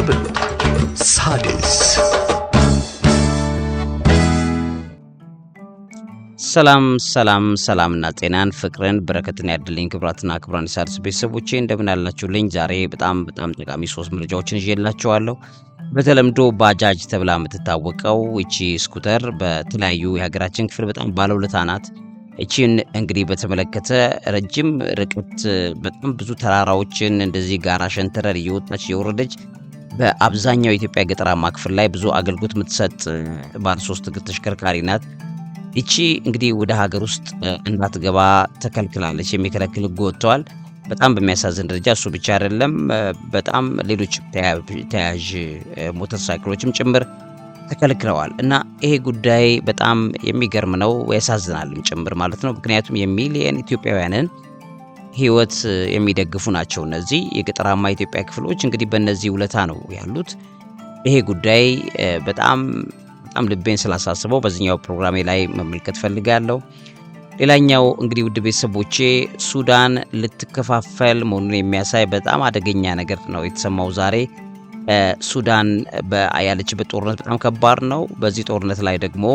የሚቀርብላችሁ ሣድስ ሰላም ሰላም ሰላምና ጤናን ፍቅርን በረከትን ያድልኝ። ክብራትና ክብራን የሣድስ ቤተሰቦቼ እንደምን አላችሁልኝ? ዛሬ በጣም በጣም ጠቃሚ ሶስት መረጃዎችን ይዤላችኋለሁ። በተለምዶ ባጃጅ ተብላ የምትታወቀው እቺ ስኩተር በተለያዩ የሀገራችን ክፍል በጣም ባለውለታ ናት። እቺን እንግዲህ በተመለከተ ረጅም ርቀት በጣም ብዙ ተራራዎችን እንደዚህ ጋራ ሸንተረር እየወጣች እየወረደች በአብዛኛው የኢትዮጵያ ገጠራማ ክፍል ላይ ብዙ አገልግሎት የምትሰጥ ባለ ሶስት እግር ተሽከርካሪ ናት። ይቺ እንግዲህ ወደ ሀገር ውስጥ እንዳትገባ ተከልክላለች። የሚከለክል ሕግ ወጥተዋል። በጣም በሚያሳዝን ደረጃ እሱ ብቻ አይደለም፣ በጣም ሌሎች ተያዥ ሞተር ሳይክሎችም ጭምር ተከልክለዋል እና ይሄ ጉዳይ በጣም የሚገርም ነው፣ ያሳዝናልም ጭምር ማለት ነው። ምክንያቱም የሚሊየን ኢትዮጵያውያንን ህይወት የሚደግፉ ናቸው። እነዚህ የገጠራማ ኢትዮጵያ ክፍሎች እንግዲህ በእነዚህ ውለታ ነው ያሉት። ይሄ ጉዳይ በጣም በጣም ልቤን ስላሳስበው በዚህኛው ፕሮግራሜ ላይ መመልከት ፈልጋለሁ። ሌላኛው እንግዲህ ውድ ቤተሰቦቼ ሱዳን ልትከፋፈል መሆኑን የሚያሳይ በጣም አደገኛ ነገር ነው የተሰማው ዛሬ። ሱዳን ያለችበት ጦርነት በጣም ከባድ ነው። በዚህ ጦርነት ላይ ደግሞ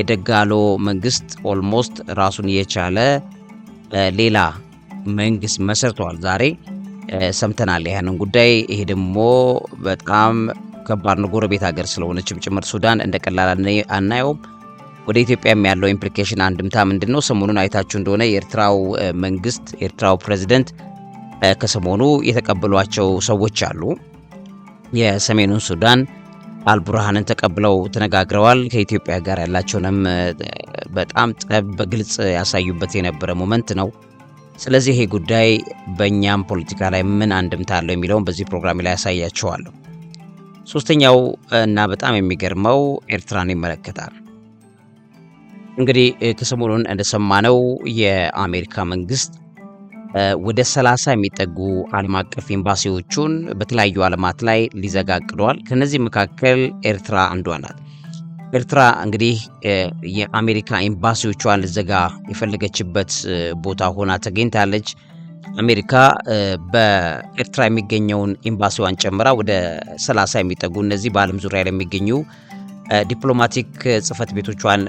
የደጋሎ መንግስት ኦልሞስት ራሱን የቻለ ሌላ መንግስት መስርተዋል። ዛሬ ሰምተናል ይህንን ጉዳይ። ይሄ ደግሞ በጣም ከባድ ነው። ጎረቤት ሀገር ስለሆነችም ጭምር ሱዳን እንደ ቀላል አናየውም። ወደ ኢትዮጵያም ያለው ኢምፕሊኬሽን አንድምታ ምንድን ነው? ሰሞኑን አይታችሁ እንደሆነ የኤርትራው መንግስት የኤርትራው ፕሬዚደንት ከሰሞኑ የተቀበሏቸው ሰዎች አሉ። የሰሜኑን ሱዳን አልቡርሃንን ተቀብለው ተነጋግረዋል። ከኢትዮጵያ ጋር ያላቸውንም በጣም ጠብ በግልጽ ያሳዩበት የነበረ ሞመንት ነው። ስለዚህ ይሄ ጉዳይ በእኛም ፖለቲካ ላይ ምን አንድምታ አለው የሚለውን በዚህ ፕሮግራም ላይ ያሳያቸዋለሁ። ሶስተኛው እና በጣም የሚገርመው ኤርትራን ይመለከታል። እንግዲህ ከሰሞኑን እንደሰማነው የአሜሪካ መንግስት ወደ 30 የሚጠጉ ዓለም አቀፍ ኤምባሲዎቹን በተለያዩ ዓለማት ላይ ሊዘጋ አቅዷል። ከነዚህ መካከል ኤርትራ አንዷ ናት። ኤርትራ እንግዲህ የአሜሪካ ኤምባሲዎቿን ልዘጋ የፈለገችበት ቦታ ሆና ተገኝታለች። አሜሪካ በኤርትራ የሚገኘውን ኤምባሲዋን ጨምራ ወደ 30 የሚጠጉ እነዚህ በዓለም ዙሪያ ላይ የሚገኙ ዲፕሎማቲክ ጽህፈት ቤቶቿን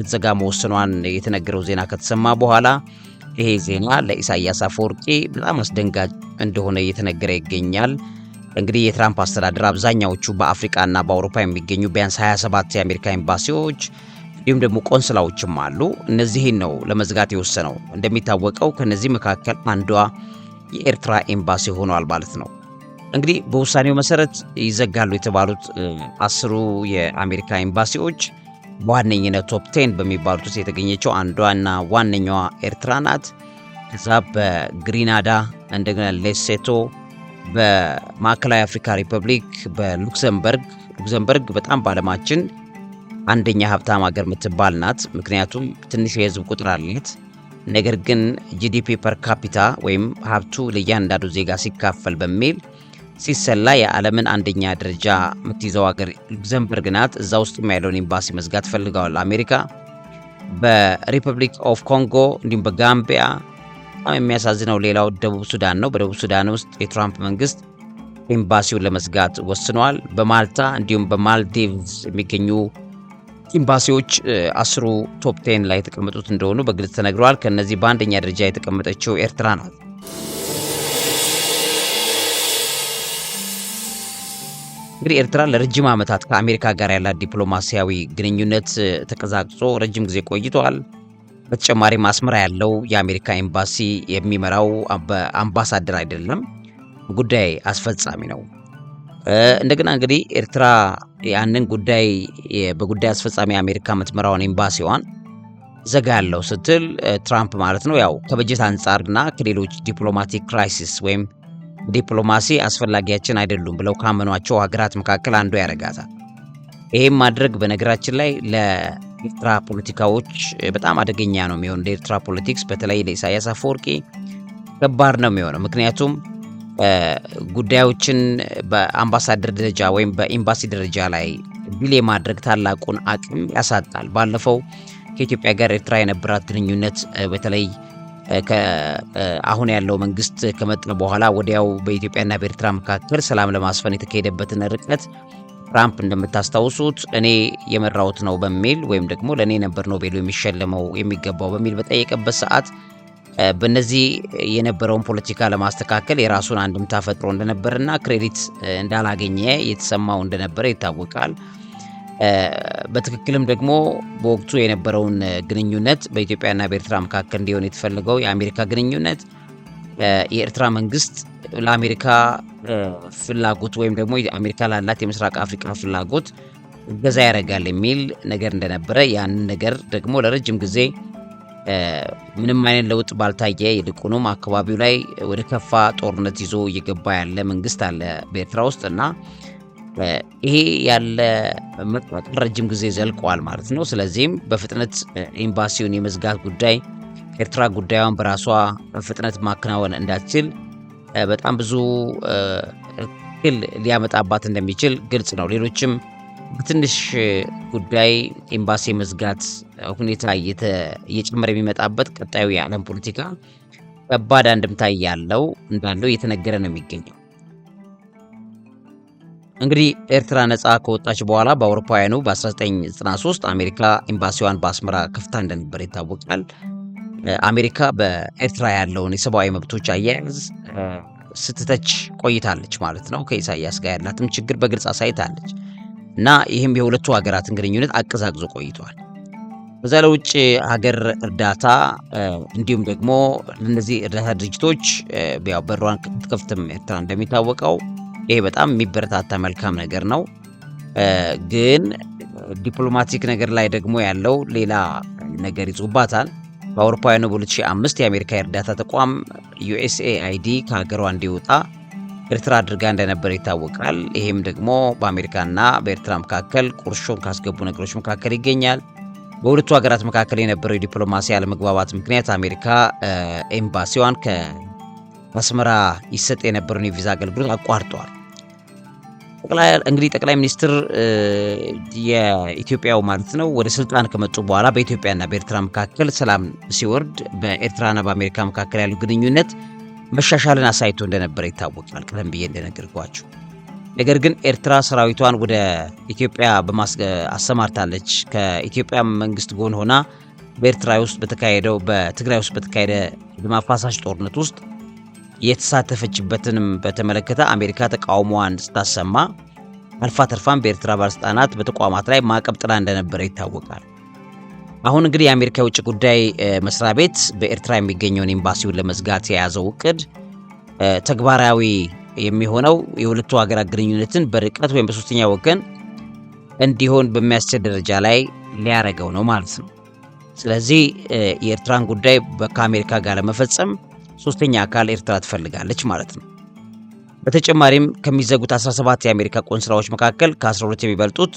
ልትዘጋ መወሰኗን የተነገረው ዜና ከተሰማ በኋላ ይሄ ዜና ለኢሳያስ አፈወርቂ በጣም አስደንጋጭ እንደሆነ እየተነገረ ይገኛል። እንግዲህ የትራምፕ አስተዳደር አብዛኛዎቹ በአፍሪቃና በአውሮፓ የሚገኙ ቢያንስ 27 የአሜሪካ ኤምባሲዎች እንዲሁም ደግሞ ቆንስላዎችም አሉ። እነዚህን ነው ለመዝጋት የወሰነው። እንደሚታወቀው ከነዚህ መካከል አንዷ የኤርትራ ኤምባሲ ሆኗል ማለት ነው። እንግዲህ በውሳኔው መሰረት ይዘጋሉ የተባሉት አስሩ የአሜሪካ ኤምባሲዎች በዋነኝነት ቶፕ ቴን በሚባሉት ውስጥ የተገኘችው አንዷና ዋነኛዋ ኤርትራ ናት። ከዛ በግሪናዳ እንደገና ሌሴቶ በማዕከላዊ አፍሪካ ሪፐብሊክ በሉክሰምበርግ ሉክሰምበርግ በጣም በዓለማችን አንደኛ ሀብታም ሀገር የምትባል ናት። ምክንያቱም ትንሽ የህዝብ ቁጥር አለት። ነገር ግን ጂዲፒ ፐር ካፒታ ወይም ሀብቱ ለእያንዳንዱ ዜጋ ሲካፈል በሚል ሲሰላ የዓለምን አንደኛ ደረጃ የምትይዘው ሀገር ሉክሰምበርግ ናት። እዛ ውስጥም ያለውን ኤምባሲ መዝጋት ፈልገዋል አሜሪካ። በሪፐብሊክ ኦፍ ኮንጎ እንዲሁም በጋምቢያ በጣም የሚያሳዝነው ሌላው ደቡብ ሱዳን ነው። በደቡብ ሱዳን ውስጥ የትራምፕ መንግስት ኤምባሲውን ለመዝጋት ወስኗል። በማልታ እንዲሁም በማልዲቭስ የሚገኙ ኤምባሲዎች አስሩ ቶፕ ቴን ላይ የተቀመጡት እንደሆኑ በግልጽ ተነግረዋል። ከእነዚህ በአንደኛ ደረጃ የተቀመጠችው ኤርትራ ናት። እንግዲህ ኤርትራ ለረጅም ዓመታት ከአሜሪካ ጋር ያላት ዲፕሎማሲያዊ ግንኙነት ተቀዛቅጾ ረጅም ጊዜ ቆይተዋል። በተጨማሪም አስመራ ያለው የአሜሪካ ኤምባሲ የሚመራው አምባሳደር አይደለም፣ ጉዳይ አስፈጻሚ ነው። እንደገና እንግዲህ ኤርትራ ያንን ጉዳይ በጉዳይ አስፈጻሚ አሜሪካ የምትመራውን ኤምባሲዋን ዘጋ ያለው ስትል ትራምፕ ማለት ነው። ያው ከበጀት አንጻርና ከሌሎች ዲፕሎማቲክ ክራይሲስ ወይም ዲፕሎማሲ አስፈላጊያችን አይደሉም ብለው ካመኗቸው ሀገራት መካከል አንዱ ያደርጋታል። ይህም ማድረግ በነገራችን ላይ ኤርትራ ፖለቲካዎች በጣም አደገኛ ነው የሚሆኑ ለኤርትራ ፖለቲክስ በተለይ ለኢሳያስ አፈወርቂ ከባድ ነው የሚሆነው። ምክንያቱም ጉዳዮችን በአምባሳደር ደረጃ ወይም በኤምባሲ ደረጃ ላይ ቢል የማድረግ ታላቁን አቅም ያሳጣል። ባለፈው ከኢትዮጵያ ጋር ኤርትራ የነበራት ግንኙነት በተለይ አሁን ያለው መንግስት ከመጣ በኋላ ወዲያው በኢትዮጵያና በኤርትራ መካከል ሰላም ለማስፈን የተካሄደበትን ርቀት ትራምፕ እንደምታስታውሱት እኔ የመራሁት ነው በሚል ወይም ደግሞ ለእኔ ነበር ኖቤሉ የሚሸለመው የሚገባው በሚል በጠየቀበት ሰዓት በእነዚህ የነበረውን ፖለቲካ ለማስተካከል የራሱን አንድምታ ፈጥሮ እንደነበርና ክሬዲት እንዳላገኘ የተሰማው እንደነበረ ይታወቃል። በትክክልም ደግሞ በወቅቱ የነበረውን ግንኙነት በኢትዮጵያና በኤርትራ መካከል እንዲሆን የተፈለገው የአሜሪካ ግንኙነት የኤርትራ መንግስት ለአሜሪካ ፍላጎት ወይም ደግሞ አሜሪካ ላላት የምስራቅ አፍሪካ ፍላጎት እገዛ ያደርጋል የሚል ነገር እንደነበረ ያንን ነገር ደግሞ ለረጅም ጊዜ ምንም አይነት ለውጥ ባልታየ ይልቁንም አካባቢው ላይ ወደ ከፋ ጦርነት ይዞ እየገባ ያለ መንግስት አለ በኤርትራ ውስጥ እና ይሄ ያለ ረጅም ጊዜ ዘልቋል ማለት ነው። ስለዚህም በፍጥነት ኤምባሲውን የመዝጋት ጉዳይ ኤርትራ ጉዳዩን በራሷ ፍጥነት ማከናወን እንዳትችል በጣም ብዙ እክል ሊያመጣባት እንደሚችል ግልጽ ነው። ሌሎችም በትንሽ ጉዳይ ኤምባሲ መዝጋት ሁኔታ እየጨመረ የሚመጣበት ቀጣዩ የዓለም ፖለቲካ ከባድ አንድምታ ያለው እንዳለው እየተነገረ ነው የሚገኘው። እንግዲህ ኤርትራ ነፃ ከወጣች በኋላ በአውሮፓውያኑ በ1993 አሜሪካ ኤምባሲዋን በአስመራ ከፍታ እንደነበር ይታወቃል። አሜሪካ በኤርትራ ያለውን የሰብአዊ መብቶች አያያዝ ስትተች ቆይታለች ማለት ነው። ከኢሳያስ ጋር ያላትም ችግር በግልጽ አሳይታለች እና ይህም የሁለቱ ሀገራትን ግንኙነት አቀዛቅዞ ቆይቷል። በዛ ለውጭ ሀገር እርዳታ እንዲሁም ደግሞ እነዚህ እርዳታ ድርጅቶች በሯን ትከፍትም ኤርትራ እንደሚታወቀው ይሄ በጣም የሚበረታታ መልካም ነገር ነው። ግን ዲፕሎማቲክ ነገር ላይ ደግሞ ያለው ሌላ ነገር ይጹባታል። በአውሮፓውያኑ በ2005 የአሜሪካ የእርዳታ ተቋም ዩኤስኤአይዲ ከሀገሯ እንዲወጣ ኤርትራ አድርጋ እንደነበረ ይታወቃል። ይህም ደግሞ በአሜሪካና በኤርትራ መካከል ቁርሾን ካስገቡ ነገሮች መካከል ይገኛል። በሁለቱ ሀገራት መካከል የነበረው የዲፕሎማሲ አለመግባባት ምክንያት አሜሪካ ኤምባሲዋን ከአስመራ ይሰጥ የነበረውን የቪዛ አገልግሎት አቋርጧል። እንግዲህ ጠቅላይ ሚኒስትር የኢትዮጵያው ማለት ነው ወደ ስልጣን ከመጡ በኋላ በኢትዮጵያና በኤርትራ መካከል ሰላም ሲወርድ በኤርትራና በአሜሪካ መካከል ያሉ ግንኙነት መሻሻልን አሳይቶ እንደነበረ ይታወቃል። ቀደም ብዬ እንደነገርኳችሁ። ነገር ግን ኤርትራ ሰራዊቷን ወደ ኢትዮጵያ አሰማርታለች። ከኢትዮጵያ መንግስት ጎን ሆና በኤርትራ ውስጥ በተካሄደው በትግራይ ውስጥ በተካሄደ ደም አፋሳሽ ጦርነት ውስጥ የተሳተፈችበትንም በተመለከተ አሜሪካ ተቃውሞዋን ስታሰማ አልፋ ተርፋም በኤርትራ ባለስልጣናት በተቋማት ላይ ማዕቀብ ጥላ እንደነበረ ይታወቃል። አሁን እንግዲህ የአሜሪካ የውጭ ጉዳይ መስሪያ ቤት በኤርትራ የሚገኘውን ኤምባሲውን ለመዝጋት የያዘው እቅድ ተግባራዊ የሚሆነው የሁለቱ ሀገራት ግንኙነትን በርቀት ወይም በሶስተኛ ወገን እንዲሆን በሚያስችል ደረጃ ላይ ሊያረገው ነው ማለት ነው። ስለዚህ የኤርትራን ጉዳይ ከአሜሪካ ጋር ለመፈጸም ሶስተኛ አካል ኤርትራ ትፈልጋለች ማለት ነው። በተጨማሪም ከሚዘጉት 17 የአሜሪካ ቆንስላዎች መካከል ከ12 የሚበልጡት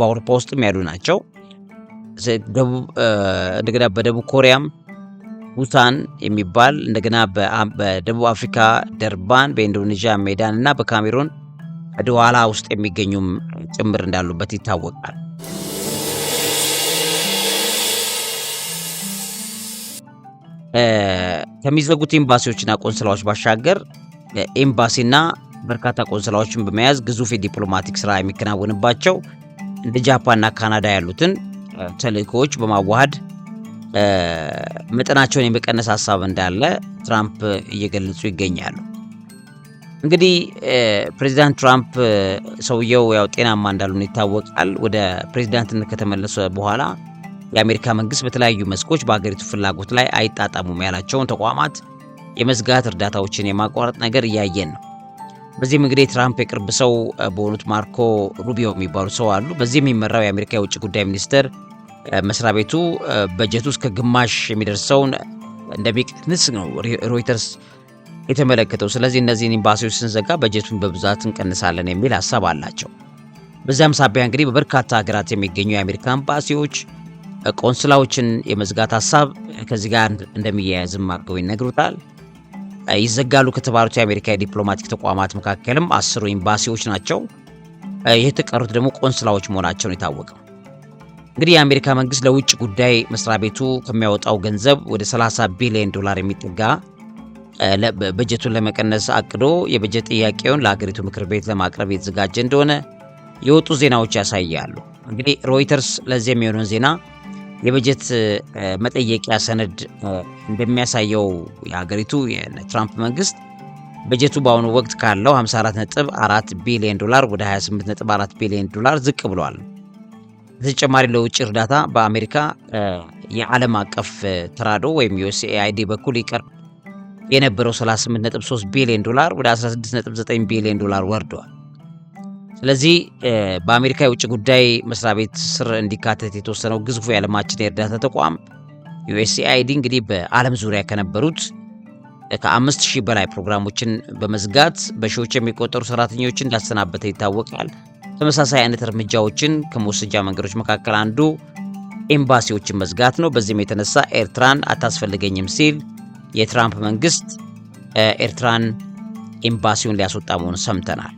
በአውሮፓ ውስጥም ያሉ ናቸው። እንደገና በደቡብ ኮሪያም ቡሳን የሚባል እንደገና በደቡብ አፍሪካ ደርባን፣ በኢንዶኔዥያ ሜዳን እና በካሜሮን ደዋላ ውስጥ የሚገኙም ጭምር እንዳሉበት ይታወቃል። ከሚዘጉት ኤምባሲዎችና ቆንስላዎች ባሻገር ኤምባሲና በርካታ ቆንስላዎችን በመያዝ ግዙፍ የዲፕሎማቲክ ስራ የሚከናወንባቸው እንደ ጃፓንና ካናዳ ያሉትን ተልእኮዎች በማዋሃድ መጠናቸውን የመቀነስ ሀሳብ እንዳለ ትራምፕ እየገለጹ ይገኛሉ። እንግዲህ ፕሬዚዳንት ትራምፕ ሰውየው ያው ጤናማ እንዳልሆነ ይታወቃል። ወደ ፕሬዚዳንትነት ከተመለሰ በኋላ የአሜሪካ መንግስት በተለያዩ መስኮች በአገሪቱ ፍላጎት ላይ አይጣጣሙም ያላቸውን ተቋማት የመዝጋት እርዳታዎችን የማቋረጥ ነገር እያየን ነው። በዚህም እንግዲህ ትራምፕ የቅርብ ሰው በሆኑት ማርኮ ሩቢዮ የሚባሉ ሰው አሉ። በዚህ የሚመራው የአሜሪካ የውጭ ጉዳይ ሚኒስቴር መስሪያ ቤቱ በጀት ውስጥ ከግማሽ የሚደርሰውን እንደሚቀንስ ነው ሮይተርስ የተመለከተው። ስለዚህ እነዚህን ኤምባሲዎች ስንዘጋ በጀቱን በብዛት እንቀንሳለን የሚል ሀሳብ አላቸው። በዚያም ሳቢያ እንግዲህ በበርካታ ሀገራት የሚገኙ የአሜሪካ ኤምባሲዎች ቆንስላዎችን የመዝጋት ሀሳብ ከዚህ ጋር እንደሚያያዝም አድርገው ይነግሩታል። ይዘጋሉ ከተባሉት የአሜሪካ የዲፕሎማቲክ ተቋማት መካከልም አስሩ ኤምባሲዎች ናቸው። የተቀሩት ደግሞ ቆንስላዎች መሆናቸውን የታወቀው እንግዲህ የአሜሪካ መንግስት ለውጭ ጉዳይ መስሪያ ቤቱ ከሚያወጣው ገንዘብ ወደ 30 ቢሊዮን ዶላር የሚጠጋ በጀቱን ለመቀነስ አቅዶ የበጀት ጥያቄውን ለሀገሪቱ ምክር ቤት ለማቅረብ የተዘጋጀ እንደሆነ የወጡ ዜናዎች ያሳያሉ። እንግዲህ ሮይተርስ ለዚህ የሚሆነውን ዜና የበጀት መጠየቂያ ሰነድ እንደሚያሳየው የሀገሪቱ የትራምፕ መንግስት በጀቱ በአሁኑ ወቅት ካለው 54.4 ቢሊዮን ዶላር ወደ 28.4 ቢሊዮን ዶላር ዝቅ ብሏል። በተጨማሪ ለውጭ እርዳታ በአሜሪካ የዓለም አቀፍ ተራዶ ወይም ዩኤስኤአይዲ በኩል ይቀርብ የነበረው 38.3 ቢሊዮን ዶላር ወደ 16.9 ቢሊዮን ዶላር ወርደዋል። ስለዚህ በአሜሪካ የውጭ ጉዳይ መስሪያ ቤት ስር እንዲካተት የተወሰነው ግዙፉ የዓለማችን የእርዳታ ተቋም ዩኤስኤአይዲ እንግዲህ በዓለም ዙሪያ ከነበሩት ከአምስት ሺህ በላይ ፕሮግራሞችን በመዝጋት በሺዎች የሚቆጠሩ ሰራተኞችን እንዳሰናበተ ይታወቃል። ተመሳሳይ አይነት እርምጃዎችን ከመወሰጃ መንገዶች መካከል አንዱ ኤምባሲዎችን መዝጋት ነው። በዚህም የተነሳ ኤርትራን አታስፈልገኝም ሲል የትራምፕ መንግስት ኤርትራን ኤምባሲውን ሊያስወጣ መሆኑን ሰምተናል።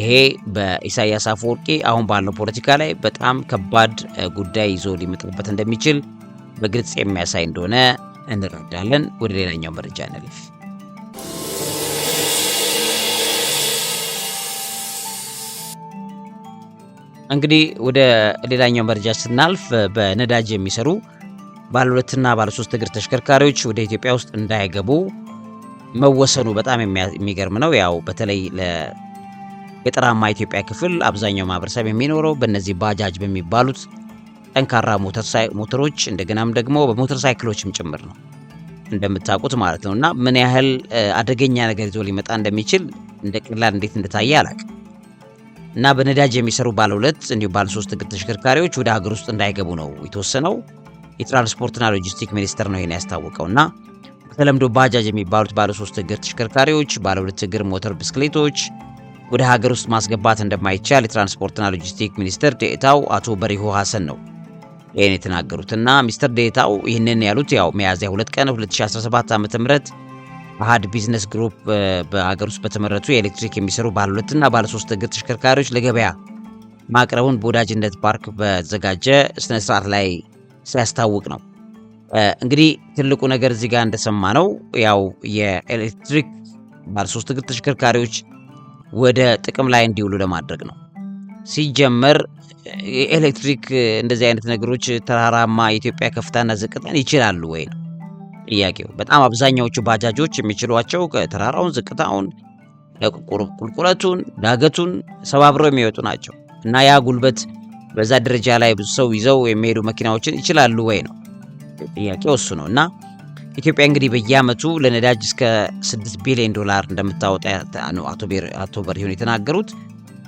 ይሄ በኢሳያስ አፈወርቂ አሁን ባለው ፖለቲካ ላይ በጣም ከባድ ጉዳይ ይዞ ሊመጣበት እንደሚችል በግልጽ የሚያሳይ እንደሆነ እንረዳለን። ወደ ሌላኛው መረጃ እንለፍ። እንግዲህ ወደ ሌላኛው መረጃ ስናልፍ በነዳጅ የሚሰሩ ባለ ሁለትና እግር ተሽከርካሪዎች ወደ ኢትዮጵያ ውስጥ እንዳይገቡ መወሰኑ በጣም የሚገርም ነው። ያው በተለይ የጠራማ ኢትዮጵያ ክፍል አብዛኛው ማህበረሰብ የሚኖረው በእነዚህ ባጃጅ በሚባሉት ጠንካራ ሞተሮች እንደገናም ደግሞ በሞተር ሳይክሎችም ጭምር ነው እንደምታውቁት ማለት ነው። እና ምን ያህል አደገኛ ነገር ይዞ ሊመጣ እንደሚችል እንደ ቀላል እንዴት እንደታየ አላቅም። እና በነዳጅ የሚሰሩ ባለ ሁለት እንዲሁም ባለ ሶስት እግር ተሽከርካሪዎች ወደ ሀገር ውስጥ እንዳይገቡ ነው የተወሰነው። የትራንስፖርትና ሎጂስቲክ ሚኒስቴር ነው ይህን ያስታወቀው። እና በተለምዶ ባጃጅ የሚባሉት ባለ ሶስት እግር ተሽከርካሪዎች፣ ባለ ሁለት እግር ሞተር ብስክሌቶች ወደ ሀገር ውስጥ ማስገባት እንደማይቻል የትራንስፖርትና ሎጂስቲክ ሚኒስትር ዴኤታው አቶ በሪሁ ሀሰን ነው ይህን የተናገሩትና ሚስተር ዴኤታው ይህንን ያሉት ያው ሚያዝያ 2 ቀን 2017 ዓ.ም አሃድ ቢዝነስ ግሩፕ በሀገር ውስጥ በተመረቱ የኤሌክትሪክ የሚሰሩ ባለ ሁለትና ባለ ሶስት እግር ተሽከርካሪዎች ለገበያ ማቅረቡን በወዳጅነት ፓርክ በተዘጋጀ ስነ ስርዓት ላይ ሲያስታውቅ ነው። እንግዲህ ትልቁ ነገር እዚህ ጋር እንደሰማ ነው ያው የኤሌክትሪክ ባለ ሶስት እግር ተሽከርካሪዎች ወደ ጥቅም ላይ እንዲውሉ ለማድረግ ነው። ሲጀመር የኤሌክትሪክ እንደዚህ አይነት ነገሮች ተራራማ የኢትዮጵያ ከፍታና ዝቅታን ይችላሉ ወይ ነው ጥያቄው። በጣም አብዛኛዎቹ ባጃጆች የሚችሏቸው ከተራራውን፣ ዝቅታውን፣ ቁልቁለቱን፣ ዳገቱን ሰባብረው የሚወጡ ናቸው እና ያ ጉልበት በዛ ደረጃ ላይ ብዙ ሰው ይዘው የሚሄዱ መኪናዎችን ይችላሉ ወይ ነው ጥያቄው እሱ ነው እና ኢትዮጵያ እንግዲህ በየዓመቱ ለነዳጅ እስከ 6 ቢሊዮን ዶላር እንደምታወጣ ነው አቶ በሪሁን የተናገሩት።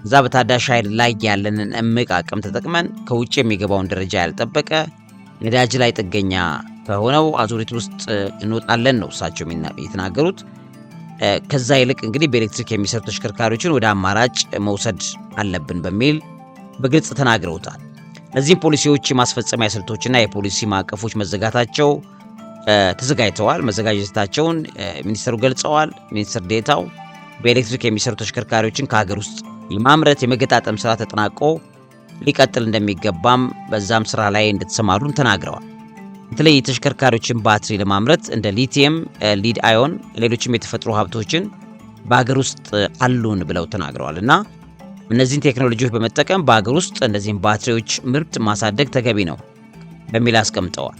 እዛ በታዳሽ ኃይል ላይ ያለንን እምቅ አቅም ተጠቅመን ከውጭ የሚገባውን ደረጃ ያልጠበቀ ነዳጅ ላይ ጥገኛ ከሆነው አዙሪት ውስጥ እንወጣለን ነው እሳቸው የተናገሩት። ከዛ ይልቅ እንግዲህ በኤሌክትሪክ የሚሰሩ ተሽከርካሪዎችን ወደ አማራጭ መውሰድ አለብን በሚል በግልጽ ተናግረውታል። እነዚህም ፖሊሲዎች የማስፈጸሚያ ስልቶችና የፖሊሲ ማዕቀፎች መዘጋታቸው ተዘጋጅተዋል። መዘጋጀታቸውን ሚኒስትሩ ገልጸዋል። ሚኒስትር ዴታው በኤሌክትሪክ የሚሰሩ ተሽከርካሪዎችን ከሀገር ውስጥ የማምረት የመገጣጠም ስራ ተጠናቆ ሊቀጥል እንደሚገባም በዛም ስራ ላይ እንደተሰማሩም ተናግረዋል። በተለይ የተሽከርካሪዎችን ባትሪ ለማምረት እንደ ሊቲየም፣ ሊድ አዮን፣ ሌሎችም የተፈጥሮ ሀብቶችን በሀገር ውስጥ አሉን ብለው ተናግረዋል እና እነዚህን ቴክኖሎጂዎች በመጠቀም በሀገር ውስጥ እነዚህን ባትሪዎች ምርት ማሳደግ ተገቢ ነው በሚል አስቀምጠዋል።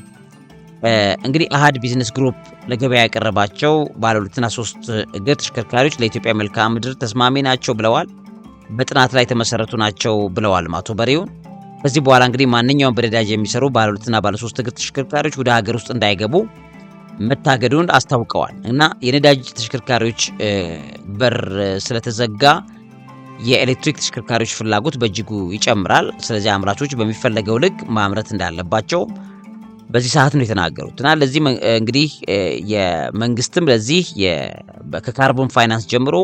እንግዲህ አሃድ ቢዝነስ ግሩፕ ለገበያ ያቀረባቸው ባለ ሁለትና ሶስት እግር ተሽከርካሪዎች ለኢትዮጵያ መልክዓ ምድር ተስማሚ ናቸው ብለዋል። በጥናት ላይ የተመሰረቱ ናቸው ብለዋል አቶ በሬውን። ከዚህ በኋላ እንግዲህ ማንኛውም በነዳጅ የሚሰሩ ባለ ሁለትና ባለ ሶስት እግር ተሽከርካሪዎች ወደ ሀገር ውስጥ እንዳይገቡ መታገዱን አስታውቀዋል። እና የነዳጅ ተሽከርካሪዎች በር ስለተዘጋ የኤሌክትሪክ ተሽከርካሪዎች ፍላጎት በእጅጉ ይጨምራል። ስለዚህ አምራቾች በሚፈለገው ልክ ማምረት እንዳለባቸው በዚህ ሰዓት ነው የተናገሩት እና ለዚህ እንግዲህ የመንግስትም ለዚህ ከካርቦን ፋይናንስ ጀምሮ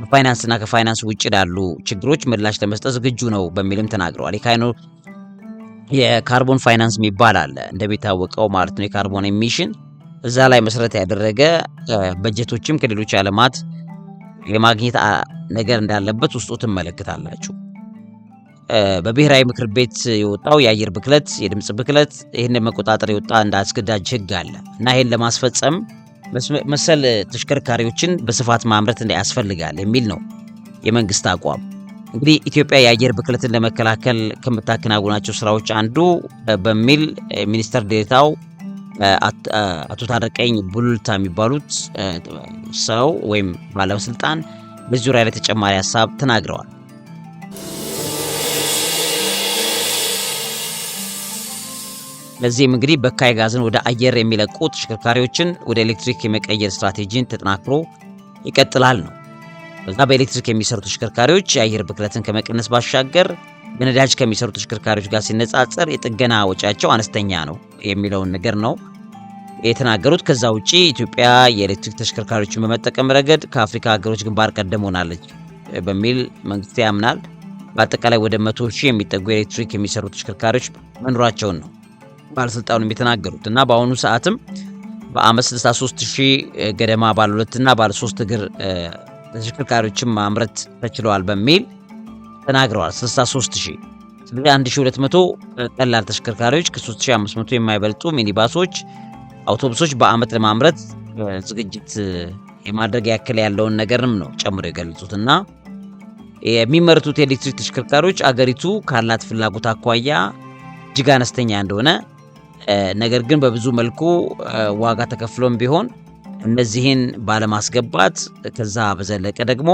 በፋይናንስና ከፋይናንስ ውጭ ላሉ ችግሮች ምላሽ ለመስጠት ዝግጁ ነው በሚልም ተናግረዋል። የካርቦን ፋይናንስ የሚባል አለ እንደሚታወቀው ማለት ነው። የካርቦን ኤሚሽን እዛ ላይ መሰረት ያደረገ በጀቶችም ከሌሎች ዓለማት የማግኘት ነገር እንዳለበት ውስጡ ትመለከታላችሁ። በብሔራዊ ምክር ቤት የወጣው የአየር ብክለት፣ የድምፅ ብክለት ይህን መቆጣጠር የወጣ እንደ አስገዳጅ ህግ አለ እና ይህን ለማስፈጸም መሰል ተሽከርካሪዎችን በስፋት ማምረት ያስፈልጋል የሚል ነው የመንግስት አቋም። እንግዲህ ኢትዮጵያ የአየር ብክለትን ለመከላከል ከምታከናውናቸው ስራዎች አንዱ በሚል ሚኒስትር ዴታው አቶ ታረቀኝ ቡሉልታ የሚባሉት ሰው ወይም ባለስልጣን በዚህ ዙሪያ ላይ ተጨማሪ ሀሳብ ተናግረዋል። ለዚህም እንግዲህ በካይ ጋዝን ወደ አየር የሚለቁ ተሽከርካሪዎችን ወደ ኤሌክትሪክ የመቀየር ስትራቴጂን ተጠናክሮ ይቀጥላል ነው። በዛ በኤሌክትሪክ የሚሰሩ ተሽከርካሪዎች የአየር ብክለትን ከመቀነስ ባሻገር በነዳጅ ከሚሰሩ ተሽከርካሪዎች ጋር ሲነጻጸር የጥገና ወጪያቸው አነስተኛ ነው የሚለውን ነገር ነው የተናገሩት። ከዛ ውጪ ኢትዮጵያ የኤሌክትሪክ ተሽከርካሪዎችን በመጠቀም ረገድ ከአፍሪካ ሀገሮች ግንባር ቀደም ሆናለች በሚል መንግስት ያምናል። በአጠቃላይ ወደ መቶ ሺህ የሚጠጉ የኤሌክትሪክ የሚሰሩ ተሽከርካሪዎች መኖራቸውን ነው ባለስልጣኑም የተናገሩት እና በአሁኑ ሰዓትም በአመት 63 ሺህ ገደማ ባለ ሁለትና ባለ ሶስት እግር ተሽከርካሪዎችን ማምረት ተችለዋል በሚል ተናግረዋል። 63 ሺህ ስለዚህ 1200 ቀላል ተሽከርካሪዎች ከ3500 የማይበልጡ ሚኒባሶች፣ አውቶቡሶች በአመት ለማምረት ዝግጅት የማድረግ ያክል ያለውን ነገርም ነው ጨምሮ የገለጹት እና የሚመረቱት የኤሌክትሪክ ተሽከርካሪዎች አገሪቱ ካላት ፍላጎት አኳያ እጅግ አነስተኛ እንደሆነ ነገር ግን በብዙ መልኩ ዋጋ ተከፍሎም ቢሆን እነዚህን ባለማስገባት ከዛ በዘለቀ ደግሞ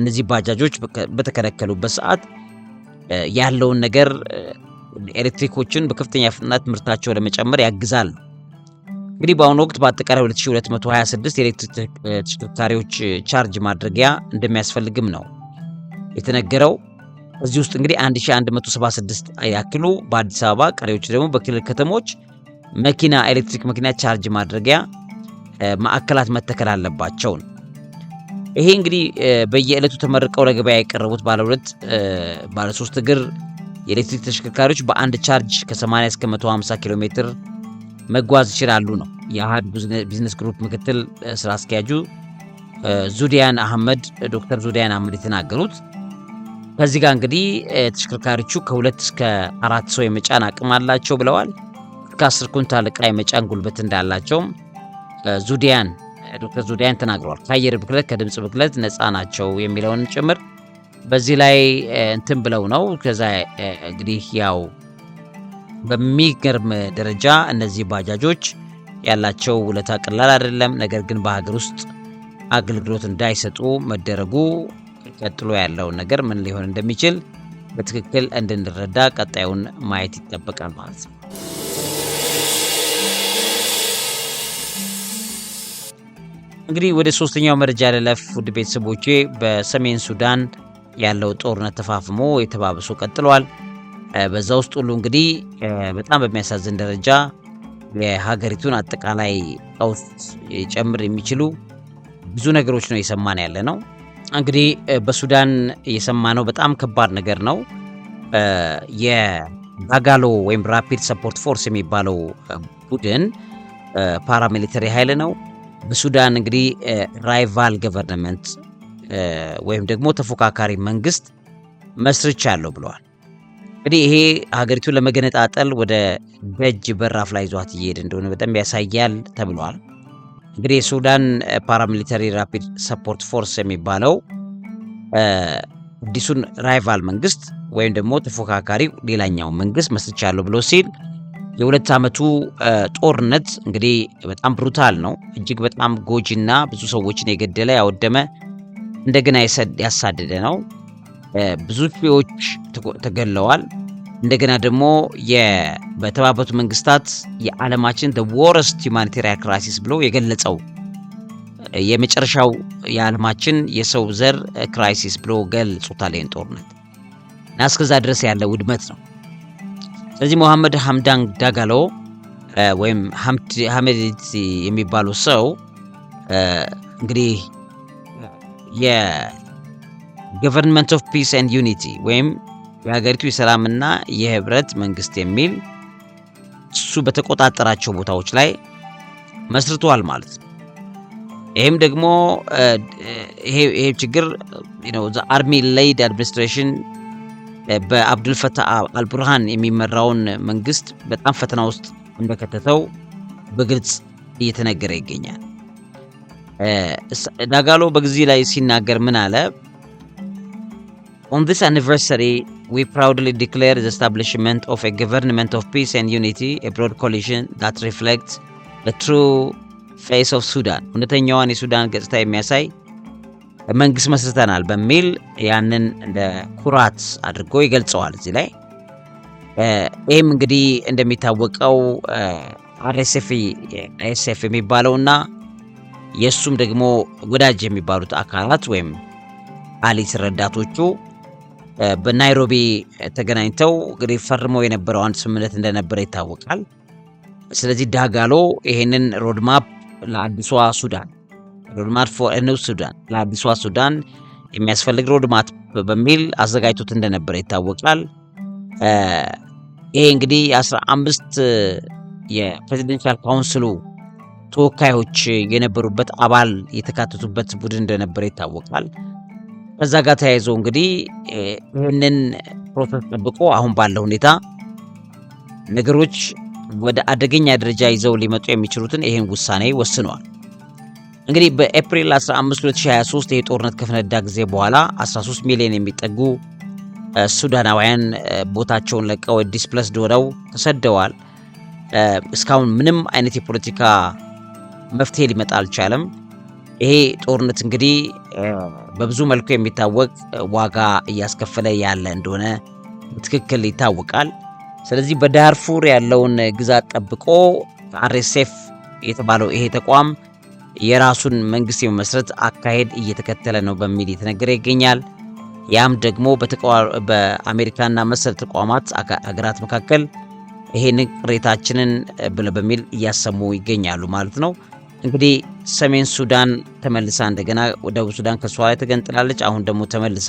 እነዚህ ባጃጆች በተከለከሉበት ሰዓት ያለውን ነገር ኤሌክትሪኮችን በከፍተኛ ፍጥነት ምርታቸው ለመጨመር ያግዛል። እንግዲህ በአሁኑ ወቅት በአጠቃላይ 2226 የኤሌክትሪክ ተሽከርካሪዎች ቻርጅ ማድረጊያ እንደሚያስፈልግም ነው የተነገረው። እዚህ ውስጥ እንግዲህ 1176 ያክሉ በአዲስ አበባ፣ ቀሪዎች ደግሞ በክልል ከተሞች መኪና ኤሌክትሪክ መኪና ቻርጅ ማድረጊያ ማዕከላት መተከል አለባቸው። ይሄ እንግዲህ በየዕለቱ ተመርቀው ለገበያ የቀረቡት ባለሁለት ባለሶስት እግር የኤሌክትሪክ ተሽከርካሪዎች በአንድ ቻርጅ ከ80 እስከ 150 ኪሎ ሜትር መጓዝ ይችላሉ ነው የአሃድ ቢዝነስ ግሩፕ ምክትል ስራ አስኪያጁ ዙዲያን አህመድ ዶክተር ዙዲያን አህመድ የተናገሩት። በዚህ ጋር እንግዲህ ተሽከርካሪዎቹ ከሁለት እስከ አራት ሰው የመጫን አቅም አላቸው ብለዋል። ከአስር ኩንታል ዕቃ የመጫን ጉልበት እንዳላቸውም ዙዲያን ዶክተር ዙዲያን ተናግረዋል። ከአየር ብክለት ከድምፅ ብክለት ነፃ ናቸው የሚለውን ጭምር በዚህ ላይ እንትን ብለው ነው። ከዛ እንግዲህ ያው በሚገርም ደረጃ እነዚህ ባጃጆች ያላቸው ውለታ ቀላል አይደለም። ነገር ግን በሀገር ውስጥ አገልግሎት እንዳይሰጡ መደረጉ ቀጥሎ ያለውን ነገር ምን ሊሆን እንደሚችል በትክክል እንድንረዳ ቀጣዩን ማየት ይጠበቃል ማለት ነው። እንግዲህ ወደ ሶስተኛው መረጃ ልለፍ። ውድ ቤተሰቦቼ በሰሜን ሱዳን ያለው ጦርነት ተፋፍሞ የተባብሶ ቀጥሏል። በዛ ውስጥ ሁሉ እንግዲህ በጣም በሚያሳዝን ደረጃ የሀገሪቱን አጠቃላይ ቀውስ ጨምር የሚችሉ ብዙ ነገሮች ነው የሰማን ያለ ነው። እንግዲህ በሱዳን የሰማነው በጣም ከባድ ነገር ነው። የባጋሎ ወይም ራፒድ ሰፖርት ፎርስ የሚባለው ቡድን ፓራሚሊተሪ ኃይል ነው። በሱዳን እንግዲህ ራይቫል ገቨርንመንት ወይም ደግሞ ተፎካካሪ መንግስት መስርቻ አለው ብለዋል። እንግዲህ ይሄ ሀገሪቱን ለመገነጣጠል ወደ ደጅ በራፍ ላይ ይዟት እየሄድ እንደሆነ በጣም ያሳያል ተብሏል። እንግዲህ የሱዳን ፓራሚሊተሪ ራፒድ ሰፖርት ፎርስ የሚባለው አዲሱን ራይቫል መንግስት ወይም ደግሞ ተፎካካሪው ሌላኛው መንግስት መስርቻለሁ ብሎ ሲል የሁለት ዓመቱ ጦርነት እንግዲህ በጣም ብሩታል ነው። እጅግ በጣም ጎጂና ብዙ ሰዎችን የገደለ ያወደመ፣ እንደገና ያሳደደ ነው። ብዙ ሺዎች ተገድለዋል። እንደገና ደግሞ በተባበሩት መንግስታት የዓለማችን ዘ ወረስት ሁማኒቴሪያን ክራይሲስ ብሎ የገለጸው የመጨረሻው የዓለማችን የሰው ዘር ክራይሲስ ብሎ ገልጾታል ይህን ጦርነት እና እስከዛ ድረስ ያለ ውድመት ነው። ስለዚህ ሞሐመድ ሀምዳን ዳጋሎ ወይም ሀሜድ የሚባሉ ሰው እንግዲህ የገቨርንመንት ኦፍ ፒስ ኤንድ ዩኒቲ ወይም የሀገሪቱ የሰላምና የህብረት መንግስት የሚል እሱ በተቆጣጠራቸው ቦታዎች ላይ መስርቷል ማለት ነው። ይህም ደግሞ ይሄ ችግር አርሚ ሌይድ አድሚኒስትሬሽን በአብዱልፈታህ አልቡርሃን የሚመራውን መንግስት በጣም ፈተና ውስጥ እንደከተተው በግልጽ እየተነገረ ይገኛል። ዳጋሎ በጊዜ ላይ ሲናገር ምን አለ? ኦን ዚስ አኒቨርሰሪ we proudly declare the establishment of a government of peace and unity, a broad coalition that reflects the true face of Sudan እውነተኛዋን የሱዳን ገጽታ የሚያሳይ መንግስት መስርተናል በሚል ያንን እንደ ኩራት አድርጎ ይገልጸዋል። እዚህ ላይ ይህም እንግዲህ እንደሚታወቀው አርኤስኤፍ የሚባለውና የእሱም ደግሞ ወዳጅ የሚባሉት አካላት ወይም አሊት ረዳቶቹ በናይሮቢ ተገናኝተው እንግዲህ ፈርመው የነበረው አንድ ስምምነት እንደነበረ ይታወቃል። ስለዚህ ዳጋሎ ይሄንን ሮድማፕ ለአዲሷ ሱዳን ሮድማፕ ፎር ኒው ሱዳን ለአዲሷ ሱዳን የሚያስፈልግ ሮድማፕ በሚል አዘጋጅቶት እንደነበረ ይታወቃል። ይሄ እንግዲህ የአስራ አምስት የፕሬዚደንሻል ካውንስሉ ተወካዮች የነበሩበት አባል የተካተቱበት ቡድን እንደነበረ ይታወቃል። ከዛ ጋር ተያይዞ እንግዲህ ይህንን ፕሮሰስ ጠብቆ አሁን ባለው ሁኔታ ነገሮች ወደ አደገኛ ደረጃ ይዘው ሊመጡ የሚችሉትን ይህን ውሳኔ ወስነዋል። እንግዲህ በኤፕሪል 15 2023 ይህ ጦርነት ከፈነዳ ጊዜ በኋላ 13 ሚሊዮን የሚጠጉ ሱዳናውያን ቦታቸውን ለቀው ዲስፕለስድ ሆነው ተሰደዋል። እስካሁን ምንም አይነት የፖለቲካ መፍትሄ ሊመጣ አልቻለም። ይሄ ጦርነት እንግዲህ በብዙ መልኩ የሚታወቅ ዋጋ እያስከፈለ ያለ እንደሆነ ትክክል ይታወቃል። ስለዚህ በዳርፉር ያለውን ግዛት ጠብቆ አርኤስኤፍ የተባለው ይሄ ተቋም የራሱን መንግስት የመመስረት አካሄድ እየተከተለ ነው በሚል እየተነገረ ይገኛል። ያም ደግሞ በአሜሪካና መሰል ተቋማት ሀገራት መካከል ይሄን ቅሬታችንን ብለ በሚል እያሰሙ ይገኛሉ ማለት ነው እንግዲህ ሰሜን ሱዳን ተመልሳ እንደገና ደቡብ ሱዳን ከሷ ላይ ተገንጥላለች። አሁን ደግሞ ተመልሳ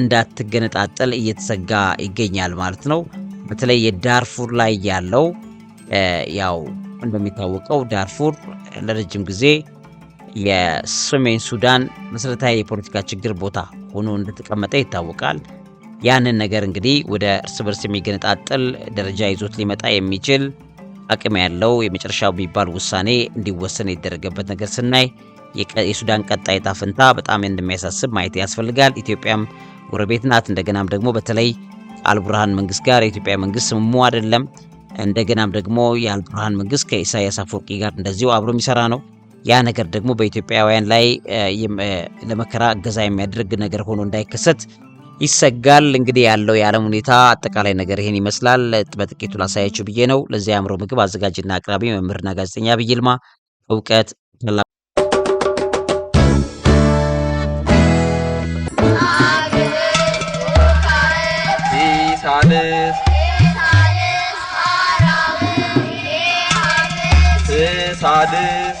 እንዳትገነጣጠል እየተሰጋ ይገኛል ማለት ነው። በተለይ የዳርፉር ላይ ያለው ያው እንደሚታወቀው ዳርፉር ለረጅም ጊዜ የሰሜን ሱዳን መሰረታዊ የፖለቲካ ችግር ቦታ ሆኖ እንደተቀመጠ ይታወቃል። ያንን ነገር እንግዲህ ወደ እርስ በርስ የሚገነጣጠል ደረጃ ይዞት ሊመጣ የሚችል አቅም ያለው የመጨረሻው የሚባል ውሳኔ እንዲወሰን የተደረገበት ነገር ስናይ የሱዳን ቀጣይ ዕጣ ፈንታ በጣም እንደሚያሳስብ ማየት ያስፈልጋል። ኢትዮጵያም ጎረቤት ናት። እንደገናም ደግሞ በተለይ አልቡርሃን መንግስት ጋር የኢትዮጵያ መንግስት ስምሙ አይደለም። እንደገናም ደግሞ የአልቡርሃን መንግስት ከኢሳያስ አፈወርቂ ጋር እንደዚሁ አብሮ የሚሰራ ነው። ያ ነገር ደግሞ በኢትዮጵያውያን ላይ ለመከራ እገዛ የሚያደርግ ነገር ሆኖ እንዳይከሰት ይሰጋል። እንግዲህ ያለው የዓለም ሁኔታ አጠቃላይ ነገር ይህን ይመስላል። በጥቂቱ ላሳያችሁ ብዬ ነው። ለዚህ አእምሮ ምግብ አዘጋጅና አቅራቢ መምህርና ጋዜጠኛ ዐቢይ ይልማ እውቀት ሳድስ